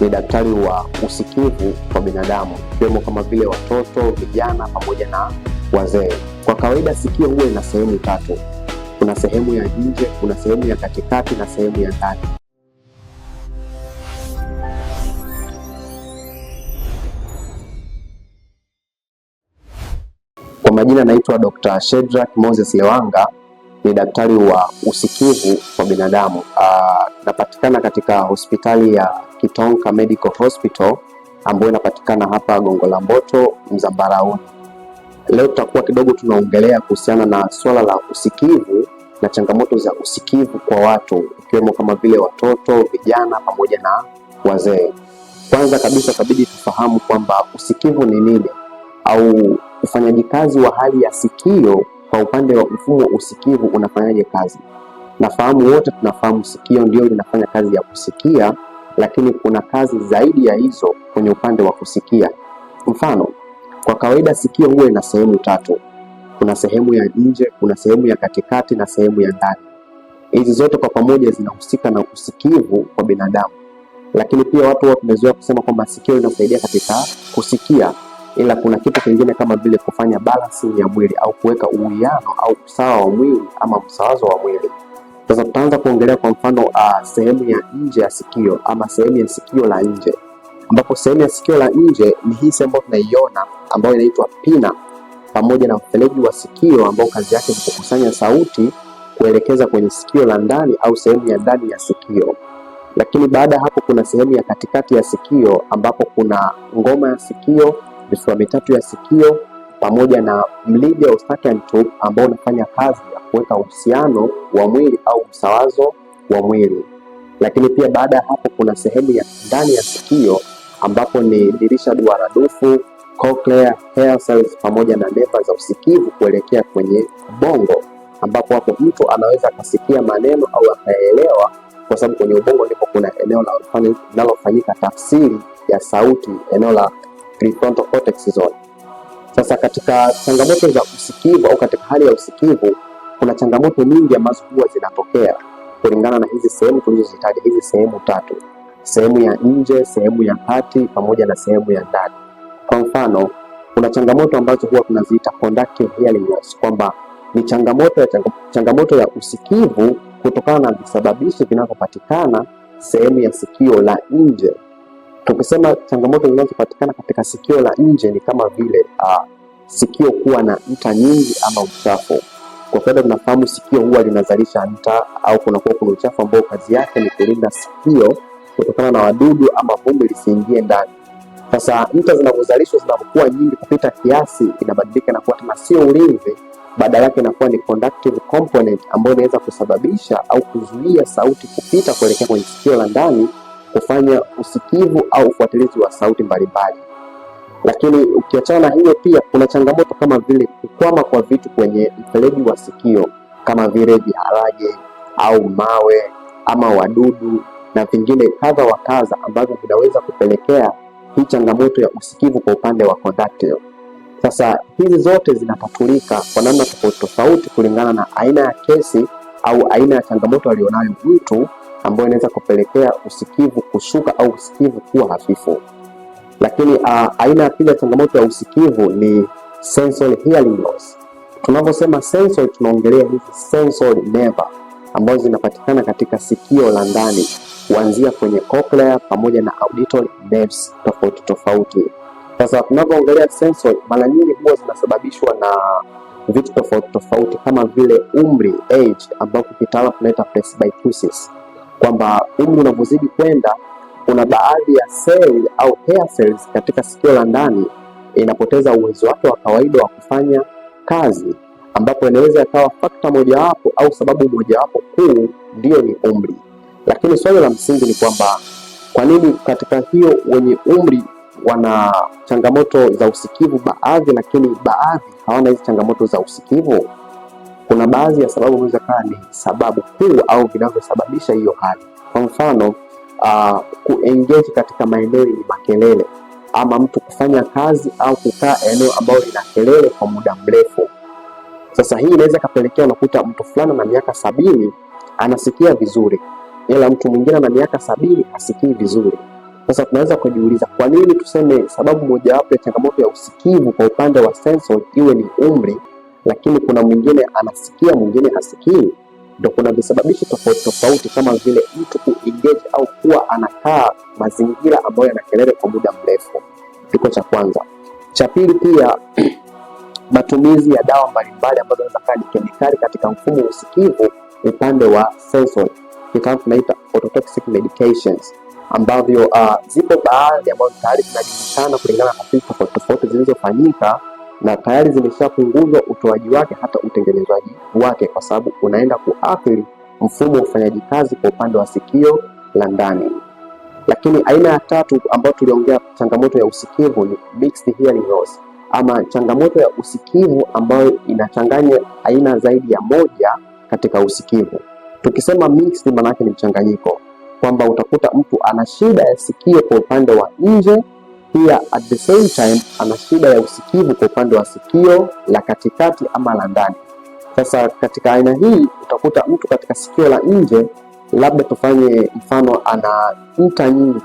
ni daktari wa usikivu kwa binadamu, ikiwemo kama vile watoto, vijana pamoja na wazee. Kwa kawaida sikio huwa ina sehemu tatu: kuna sehemu ya nje, kuna sehemu ya katikati na sehemu ya ndani. Kwa majina anaitwa Dr. Shedrack Moses Lewanga, ni daktari wa usikivu kwa binadamu. Anapatikana katika hospitali ya Kitonka Medical Hospital ambayo inapatikana hapa Gongo la Mboto Mzambarauni. Leo tutakuwa kidogo tunaongelea kuhusiana na swala la usikivu na changamoto za usikivu kwa watu ikiwemo kama vile watoto, vijana pamoja na wazee. Kwanza kabisa kabidi tufahamu kwamba usikivu ni nini au ufanyaji kazi wa hali ya sikio kwa upande wa mfumo wa usikivu unafanyaje kazi? Nafahamu wote tunafahamu sikio ndio linafanya kazi ya kusikia lakini kuna kazi zaidi ya hizo kwenye upande wa kusikia. Mfano, kwa kawaida sikio huwa ina sehemu tatu: kuna sehemu ya nje, kuna sehemu ya katikati na sehemu ya ndani. Hizi zote kwa pamoja zinahusika na usikivu kwa binadamu, lakini pia watu huwa tumezoea kusema kwamba sikio linasaidia katika kusikia, ila kuna kitu kingine kama vile kufanya balancing ya mwili au kuweka uwiano au usawa wa mwili ama msawazo wa mwili. Sasa tutaanza kuongelea kwa mfano uh, sehemu ya nje ya sikio ama sehemu ya sikio la nje, ambapo sehemu ya sikio la nje ni hii sehemu ambayo tunaiona ambayo inaitwa pina, pamoja na mfereji wa sikio ambao kazi yake ni kukusanya sauti kuelekeza kwenye sikio la ndani au sehemu ya ndani ya sikio. Lakini baada ya hapo, kuna sehemu ya katikati ya sikio ambapo kuna ngoma ya sikio, vifua mitatu ya sikio pamoja na mlide au ambao unafanya kazi ya kuweka uhusiano wa mwili au msawazo wa mwili. Lakini pia baada ya hapo kuna sehemu ya ndani ya sikio ambapo ni dirisha duara dufu, cochlea, hair cells pamoja na neva za usikivu kuelekea kwenye ubongo, ambapo hapo mtu anaweza akasikia maneno au akaelewa, kwa sababu kwenye ubongo ndipo kuna eneo linalofanyika tafsiri ya sauti, eneo la prefrontal cortex zone. Sasa katika changamoto za usikivu au katika hali ya usikivu, kuna changamoto nyingi ambazo huwa zinatokea kulingana na hizi sehemu tulizozitaja, hizi sehemu tatu: sehemu ya nje, sehemu ya kati, pamoja na sehemu ya ndani. Kwa mfano, kuna changamoto ambazo huwa tunaziita conductive hearing loss, kwamba ni changamoto ya, changamoto ya usikivu kutokana na visababishi vinavyopatikana sehemu ya sikio la nje. Tukisema changamoto zinazopatikana katika sikio la nje ni kama vile uh, sikio kuwa na nta nyingi ama uchafu. Kwa kawaida tunafahamu sikio huwa linazalisha nta au kunakuwa kuna uchafu ambao kazi yake ni kulinda sikio kutokana na wadudu ama vumbi lisiingie ndani. Sasa nta zinavyozalishwa zinapokuwa nyingi kupita kiasi, inabadilika na kuwa tena sio ulinzi, badala yake inakuwa ni conductive component ambayo inaweza kusababisha au kuzuia sauti kupita kuelekea kwenye sikio la ndani kufanya usikivu au ufuatilizi wa sauti mbalimbali. Lakini ukiachana na hiyo, pia kuna changamoto kama vile kukwama kwa vitu kwenye mfereji wa sikio kama vile viharage au mawe ama wadudu na vingine kadha wa kadha ambavyo vinaweza kupelekea hii changamoto ya usikivu kwa upande wa conductile. Sasa hizi zote zinatatulika kwa namna tofauti tofauti kulingana na aina ya kesi au aina ya changamoto alionayo mtu ambayo inaweza kupelekea usikivu kushuka au usikivu kuwa hafifu. Lakini uh, aina ya pili ya changamoto ya usikivu ni sensory hearing loss. Tunaposema sensory, tunaongelea hizi sensory nerve ambazo zinapatikana katika sikio la ndani kuanzia kwenye cochlea pamoja na auditory nerves tofauti tofauti. Sasa tunapoongelea sensory, mara nyingi huwa zinasababishwa na vitu tofauti tofauti kama vile umri age, ambao kitaalamu tunaita presbycusis kwamba umri unavyozidi kwenda, kuna baadhi ya seli au hair cells katika sikio la ndani inapoteza uwezo wake wa kawaida wa kufanya kazi, ambapo inaweza ikawa fakta mojawapo au sababu mojawapo kuu ndiyo ni umri. Lakini swali la msingi ni kwamba kwa nini katika hiyo wenye umri wana changamoto za usikivu baadhi, lakini baadhi hawana hizi changamoto za usikivu? kuna baadhi ya sababu ambazo ni sababu kuu au vinavyosababisha hiyo hali. Kwa mfano uh, ah, kuengage katika maeneo yenye makelele ama mtu kufanya kazi au kukaa eneo ambalo lina kelele kwa muda mrefu. Sasa hii inaweza ikapelekea unakuta mtu fulani na miaka sabini anasikia vizuri, ila mtu mwingine na miaka sabini asikii vizuri. Sasa tunaweza kujiuliza kwa nini tuseme sababu mojawapo ya changamoto ya usikivu kwa upande wa sensory iwe ni umri lakini kuna mwingine anasikia, mwingine hasikii, ndo kuna visababishi tofauti tofauti, kama vile mtu kuengage au kuwa anakaa mazingira ambayo yana kelele kwa muda mrefu. Kiko cha kwanza. Cha pili pia matumizi ya dawa mbalimbali ambazo zinaweza kuwa ni kemikali katika mfumo usikivu, upande wa sensory, kitaalamu tunaita ototoxic medications, ambavyo uh, zipo baadhi ambazo tayari zinajulikana kulingana na tofauti tofauti zilizofanyika na tayari zimeshapunguzwa utoaji wake hata utengenezaji wake, kwa sababu unaenda kuathiri mfumo wa ufanyaji kazi kwa upande wa sikio la ndani. Lakini aina ya tatu ambayo tuliongea changamoto ya usikivu ni mixed hearing loss, ama changamoto ya usikivu ambayo inachanganya aina zaidi ya moja katika usikivu. Tukisema mixed, maana yake ni mchanganyiko, kwamba utakuta mtu ana shida ya sikio kwa upande wa nje pia at the same time ana shida ya usikivu kwa upande wa sikio la katikati ama la ndani. Sasa katika aina hii utakuta mtu katika sikio la nje, labda tufanye mfano, ana nta nyingi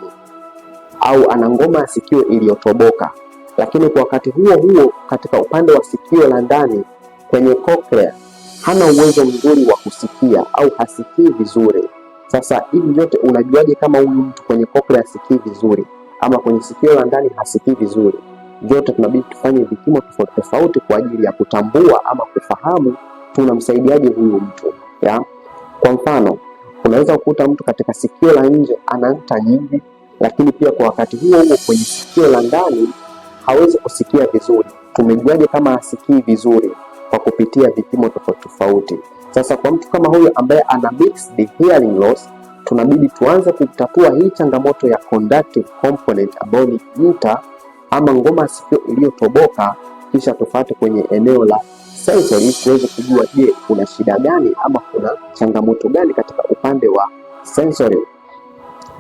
au ana ngoma ya sikio iliyotoboka, lakini kwa wakati huo huo katika upande wa sikio la ndani kwenye cochlea hana uwezo mzuri wa kusikia au hasikii vizuri. Sasa hivi vyote unajuaje kama huyu mtu kwenye cochlea hasikii vizuri? ama kwenye sikio la ndani hasikii vizuri, vyote tunabidi tufanye vipimo tofauti tofauti kwa ajili ya kutambua ama kufahamu tunamsaidiaje huyu mtu ya? Kwa mfano unaweza kukuta mtu katika sikio la nje ana nta nyingi, lakini pia kwa wakati huo huo kwenye sikio la ndani hawezi kusikia vizuri. Tumejuaje kama hasikii vizuri? Kwa kupitia vipimo tofauti tofauti. Sasa kwa mtu kama huyu ambaye ana mixed hearing loss tunabidi tuanze kutatua hii changamoto ya conductive component ambayo ni nyuta ama ngoma ya sikio iliyotoboka, kisha tufate kwenye eneo la sensory tuweze kujua, je, kuna shida gani ama kuna changamoto gani katika upande wa sensory.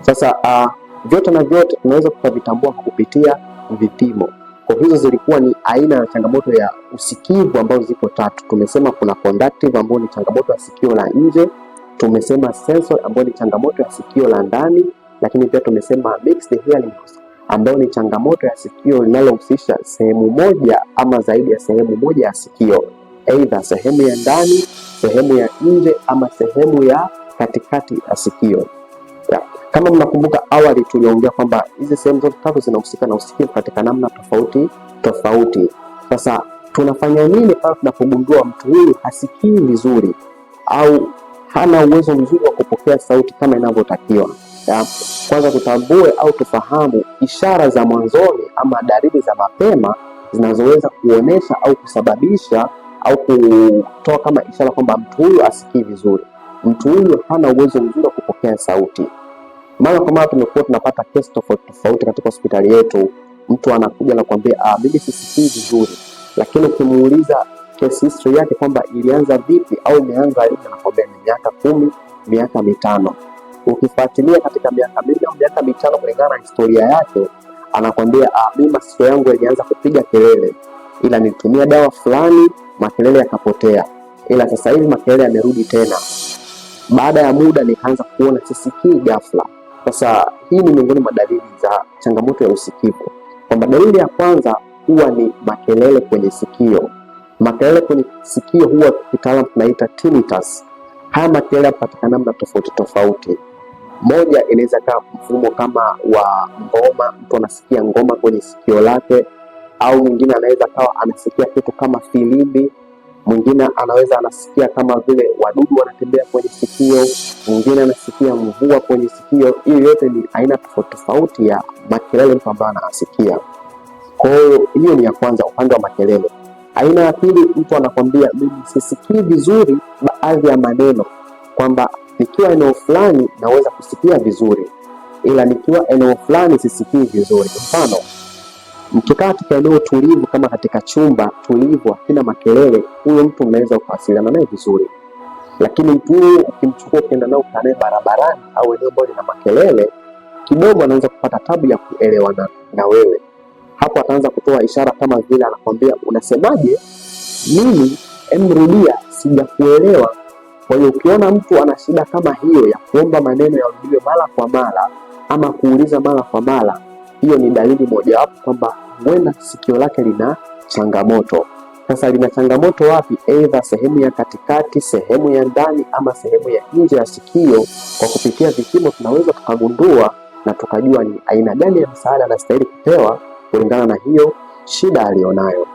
Sasa uh, vyote na vyote tunaweza tukavitambua kupitia vipimo. Kwa hizo zilikuwa ni aina ya changamoto ya usikivu ambazo ziko tatu. Tumesema kuna conductive ambayo ni changamoto ya sikio la nje Tumesema sensory ambayo ni changamoto ya sikio la ndani, lakini pia tumesema mixed hearing loss ambayo ni changamoto ya sikio linalohusisha sehemu moja ama zaidi ya sehemu moja ya sikio, aidha sehemu ya ndani, sehemu ya nje ama sehemu ya katikati ya sikio. Ya. Kama mnakumbuka awali tuliongea kwamba hizi sehemu zote tatu zinahusika na usikivu katika namna tofauti tofauti. Sasa tunafanya nini pale tunapogundua mtu huyu hasikii vizuri au hana uwezo mzuri wa kupokea sauti kama inavyotakiwa. Kwanza tutambue au tufahamu ishara za mwanzoni ama dalili za mapema zinazoweza kuonesha au kusababisha au kutoa kama ishara kwamba mtu huyu asikii vizuri, mtu huyu hana uwezo mzuri wa kupokea sauti. Mara kwa mara tumekuwa tunapata kesi tofauti tofauti katika hospitali yetu, mtu anakuja na kuambia ah, mimi sisikii vizuri, lakini ukimuuliza kesi history yake kwamba ilianza vipi au imeanza lini, anakwambia ni miaka kumi, miaka mitano. Ukifuatilia katika miaka minne au miaka mitano kulingana na historia yake, anakwambia ah, mimi masikio yangu yalianza kupiga kelele, ila nilitumia dawa fulani, makelele yakapotea, ila sasa hivi makelele yamerudi tena. Baada ya muda nikaanza kuona sisikii ghafla. Sasa hii ni miongoni mwa dalili za changamoto ya usikivu, kwamba dalili ya kwanza huwa ni makelele kwenye sikio Makelele kwenye sikio huwa kitaalamu tunaita tinnitus. Haya makelele yanapatikana namna tofauti tofauti. Moja inaweza kaa mfumo kama wa ngoma, mtu anasikia ngoma kwenye sikio lake, au mwingine anaweza kawa anasikia kitu kama filimbi, mwingine anaweza anasikia kama vile wadudu wanatembea kwenye sikio, mwingine anasikia mvua kwenye sikio. hiyo yote ni aina tofauti tofauti ya makelele mtu ambayo anasikia. Kwa hiyo hiyo ni ya kwanza, upande wa makelele. Aina ya pili, mtu anakwambia mimi sisikii vizuri baadhi ya maneno, kwamba nikiwa eneo fulani naweza kusikia vizuri, ila nikiwa eneo fulani sisikii vizuri. Mfano, mkikaa katika eneo tulivu, kama katika chumba tulivu, hakina makelele, huyo mtu unaweza kuwasiliana naye vizuri. Lakini mtu huyo ukimchukua, ukienda nao ukaa naye barabarani au eneo ambalo lina makelele kidogo, anaweza kupata tabu ya kuelewana na wewe hapo ataanza kutoa ishara kama vile anakwambia, unasemaje? Mimi emrudia, sijakuelewa. Kwa hiyo ukiona mtu ana shida kama hiyo ya kuomba maneno ujumbe mara kwa mara ama kuuliza mara kwa mara, hiyo ni dalili mojawapo kwamba huenda sikio lake lina changamoto. Sasa lina changamoto wapi? Aidha sehemu ya katikati, sehemu ya ndani, ama sehemu ya nje ya sikio. Kwa kupitia vipimo tunaweza tukagundua na tukajua ni aina gani ya msaada anastahili kupewa kulingana na hiyo shida aliyonayo.